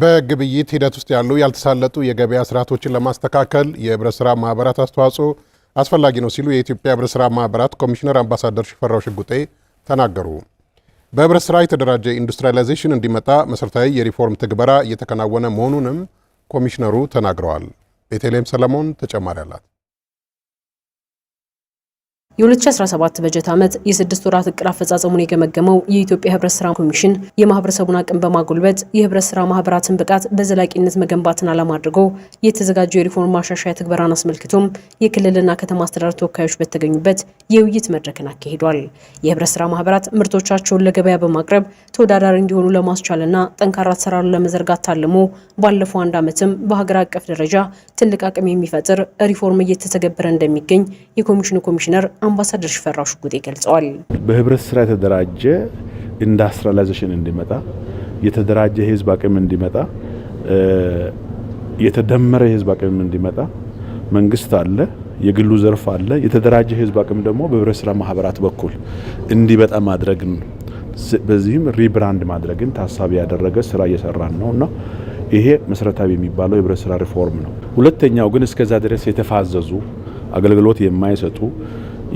በግብይት ሂደት ውስጥ ያሉ ያልተሳለጡ የገበያ ስርዓቶችን ለማስተካከል የህብረት ስራ ማህበራት አስተዋጽኦ አስፈላጊ ነው ሲሉ የኢትዮጵያ ህብረት ስራ ማህበራት ኮሚሽነር አምባሳደር ሽፈራው ሽጉጤ ተናገሩ። በህብረት ስራ የተደራጀ ኢንዱስትሪላይዜሽን እንዲመጣ መሠረታዊ የሪፎርም ትግበራ እየተከናወነ መሆኑንም ኮሚሽነሩ ተናግረዋል። ቤተልሔም ሰለሞን ተጨማሪ አላት። የ2017 በጀት ዓመት የስድስት ወራት እቅድ አፈጻጸሙን የገመገመው የኢትዮጵያ ህብረት ስራ ኮሚሽን የማህበረሰቡን አቅም በማጎልበት የህብረት ስራ ማህበራትን ብቃት በዘላቂነት መገንባትን ዓላማ አድርጎ የተዘጋጀው የሪፎርም ማሻሻያ ትግበራን አስመልክቶም የክልልና ከተማ አስተዳደር ተወካዮች በተገኙበት የውይይት መድረክን አካሂዷል። የህብረት ስራ ማህበራት ምርቶቻቸውን ለገበያ በማቅረብ ተወዳዳሪ እንዲሆኑ ለማስቻልና ጠንካራ አሰራር ለመዘርጋት ታልሞ ባለፈው አንድ ዓመትም በሀገር አቀፍ ደረጃ ትልቅ አቅም የሚፈጥር ሪፎርም እየተተገበረ እንደሚገኝ የኮሚሽኑ ኮሚሽነር አምባሳደር ሽፈራው ሽጉጤ ገልጸዋል። በህብረት ስራ የተደራጀ ኢንዳስትሪላይዜሽን እንዲመጣ፣ የተደራጀ የህዝብ አቅም እንዲመጣ፣ የተደመረ የህዝብ አቅም እንዲመጣ መንግስት አለ የግሉ ዘርፍ አለ። የተደራጀ ህዝብ አቅም ደግሞ በህብረት ስራ ማህበራት በኩል እንዲመጣ ማድረግ ነው። በዚህም ሪብራንድ ማድረግን ታሳቢ ያደረገ ስራ እየሰራን ነው እና ይሄ መሰረታዊ የሚባለው የህብረት ስራ ሪፎርም ነው። ሁለተኛው ግን እስከዛ ድረስ የተፋዘዙ አገልግሎት የማይሰጡ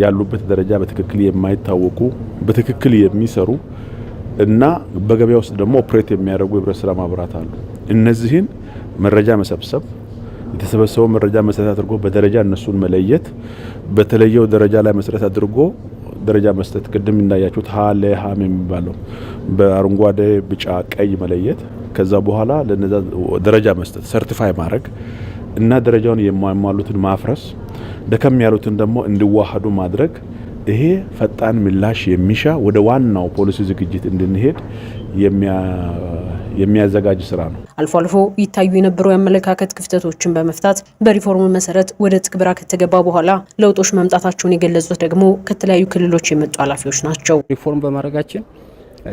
ያሉበት ደረጃ በትክክል የማይታወቁ በትክክል የሚሰሩ እና በገበያ ውስጥ ደግሞ ኦፕሬት የሚያደርጉ የህብረት ስራ ማህበራት አሉ። እነዚህን መረጃ መሰብሰብ የተሰበሰበው መረጃ መሰረት አድርጎ በደረጃ እነሱን መለየት በተለየው ደረጃ ላይ መሰረት አድርጎ ደረጃ መስጠት ቅድም እንዳያችሁት ሀ ሀም የሚባለው በአረንጓዴ፣ ቢጫ፣ ቀይ መለየት ከዛ በኋላ ለነዛ ደረጃ መስጠት ሰርቲፋይ ማድረግ እና ደረጃውን የማይሟሉትን ማፍረስ፣ ደከም ያሉትን ደግሞ እንዲዋሃዱ ማድረግ ይሄ ፈጣን ምላሽ የሚሻ ወደ ዋናው ፖሊሲ ዝግጅት እንድንሄድ የሚያዘጋጅ ስራ ነው። አልፎ አልፎ ይታዩ የነበሩ የአመለካከት ክፍተቶችን በመፍታት በሪፎርሙ መሰረት ወደ ትግበራ ከተገባ በኋላ ለውጦች መምጣታቸውን የገለጹት ደግሞ ከተለያዩ ክልሎች የመጡ ኃላፊዎች ናቸው። ሪፎርም በማድረጋችን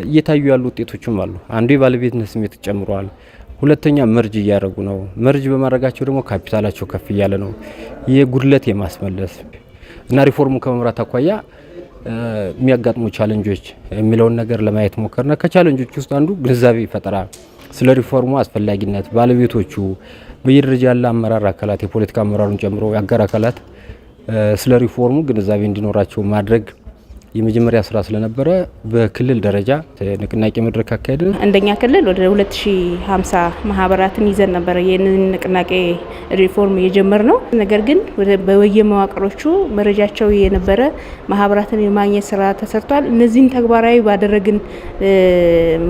እየታዩ ያሉ ውጤቶችም አሉ። አንዱ የባለቤትነት ስሜት ጨምረዋል። ሁለተኛ መርጅ እያደረጉ ነው። መርጅ በማድረጋቸው ደግሞ ካፒታላቸው ከፍ እያለ ነው። የጉድለት የማስመለስ እና ሪፎርሙ ከመምራት አኳያ የሚያጋጥሙ ቻለንጆች የሚለውን ነገር ለማየት ሞከርና ከቻለንጆች ውስጥ አንዱ ግንዛቤ ፈጠራ ስለ ሪፎርሙ አስፈላጊነት ባለቤቶቹ፣ በየደረጃ ያለ አመራር አካላት የፖለቲካ አመራሩን ጨምሮ የአገር አካላት ስለ ሪፎርሙ ግንዛቤ እንዲኖራቸው ማድረግ የመጀመሪያ ስራ ስለነበረ በክልል ደረጃ ንቅናቄ መድረክ አካሄደ። እንደኛ ክልል ወደ 2050 ማህበራትን ይዘን ነበረ ይህንን ንቅናቄ ሪፎርም የጀመር ነው። ነገር ግን በየመዋቅሮቹ መረጃቸው የነበረ ማህበራትን የማግኘት ስራ ተሰርቷል። እነዚህን ተግባራዊ ባደረግን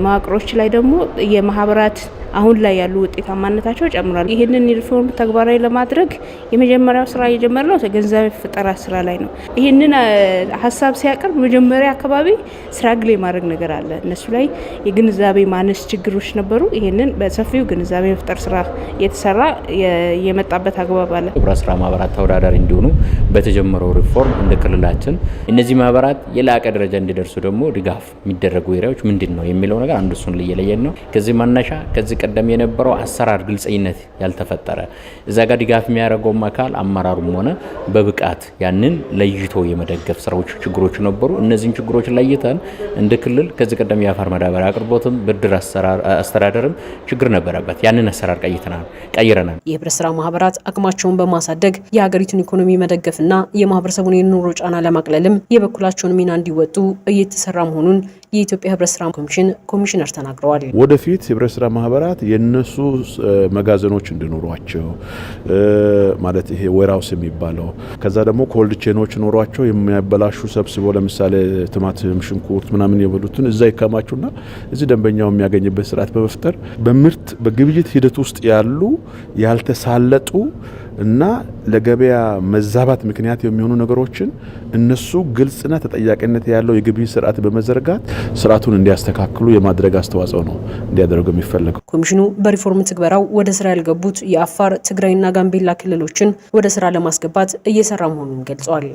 መዋቅሮች ላይ ደግሞ የማህበራት አሁን ላይ ያሉ ውጤታማነታቸው ጨምሯል። ይህንን ሪፎርም ተግባራዊ ለማድረግ የመጀመሪያው ስራ የጀመርነው ግንዛቤ ፈጠራ ስራ ላይ ነው። ይህንን ሀሳብ ሲያቀርብ መጀመሪያ አካባቢ ስራግሌ ማድረግ ነገር አለ። እነሱ ላይ የግንዛቤ ማነስ ችግሮች ነበሩ። ይህንን በሰፊው ግንዛቤ መፍጠር ስራ የተሰራ የመጣበት አግባብ አለ። ህብረት ስራ ማህበራት ተወዳዳሪ እንዲሆኑ በተጀመረው ሪፎርም እንደ ክልላችን እነዚህ ማህበራት የላቀ ደረጃ እንዲደርሱ ደግሞ ድጋፍ የሚደረጉ ኤሪያዎች ምንድን ነው የሚለው ነገር አንዱ እሱን ልየለየን ነው ከዚህ መነሻ ከዚህ ቀደም የነበረው አሰራር ግልጸኝነት ያልተፈጠረ እዛ ጋር ድጋፍ የሚያደርገውም አካል አመራሩም ሆነ በብቃት ያንን ለይቶ የመደገፍ ስራዎች ችግሮች ነበሩ። እነዚህን ችግሮች ለይተን እንደ ክልል ከዚህ ቀደም የአፈር ማዳበሪያ አቅርቦትም ብድር አስተዳደርም ችግር ነበረበት። ያንን አሰራር ቀይረናል። የህብረት ስራ ማህበራት አቅማቸውን በማሳደግ የሀገሪቱን ኢኮኖሚ መደገፍና የማህበረሰቡን የኑሮ ጫና ለማቅለልም የበኩላቸውን ሚና እንዲወጡ እየተሰራ መሆኑን የኢትዮጵያ ህብረት ስራ ኮሚሽን ኮሚሽነር ተናግረዋል። ወደፊት ህብረት ስራ ማህበራት ሀገራት የነሱ መጋዘኖች እንዲኖሯቸው ማለት ይሄ ዌርሃውስ የሚባለው ከዛ ደግሞ ኮልድ ቼኖች ኖሯቸው የሚያበላሹ ሰብስቦ ለምሳሌ ትማትም፣ ሽንኩርት ምናምን የበሉትን እዛ ይከማቹና እዚህ ደንበኛው የሚያገኝበት ስርዓት በመፍጠር በምርት በግብይት ሂደት ውስጥ ያሉ ያልተሳለጡ እና ለገበያ መዛባት ምክንያት የሚሆኑ ነገሮችን እነሱ ግልጽና ተጠያቂነት ያለው የግብይት ስርዓት በመዘርጋት ስርዓቱን እንዲያስተካክሉ የማድረግ አስተዋጽኦ ነው እንዲያደርጉ የሚፈለገው። ኮሚሽኑ በሪፎርም ትግበራው ወደ ስራ ያልገቡት የአፋር ትግራይና ጋምቤላ ክልሎችን ወደ ስራ ለማስገባት እየሰራ መሆኑን ገልጸዋል።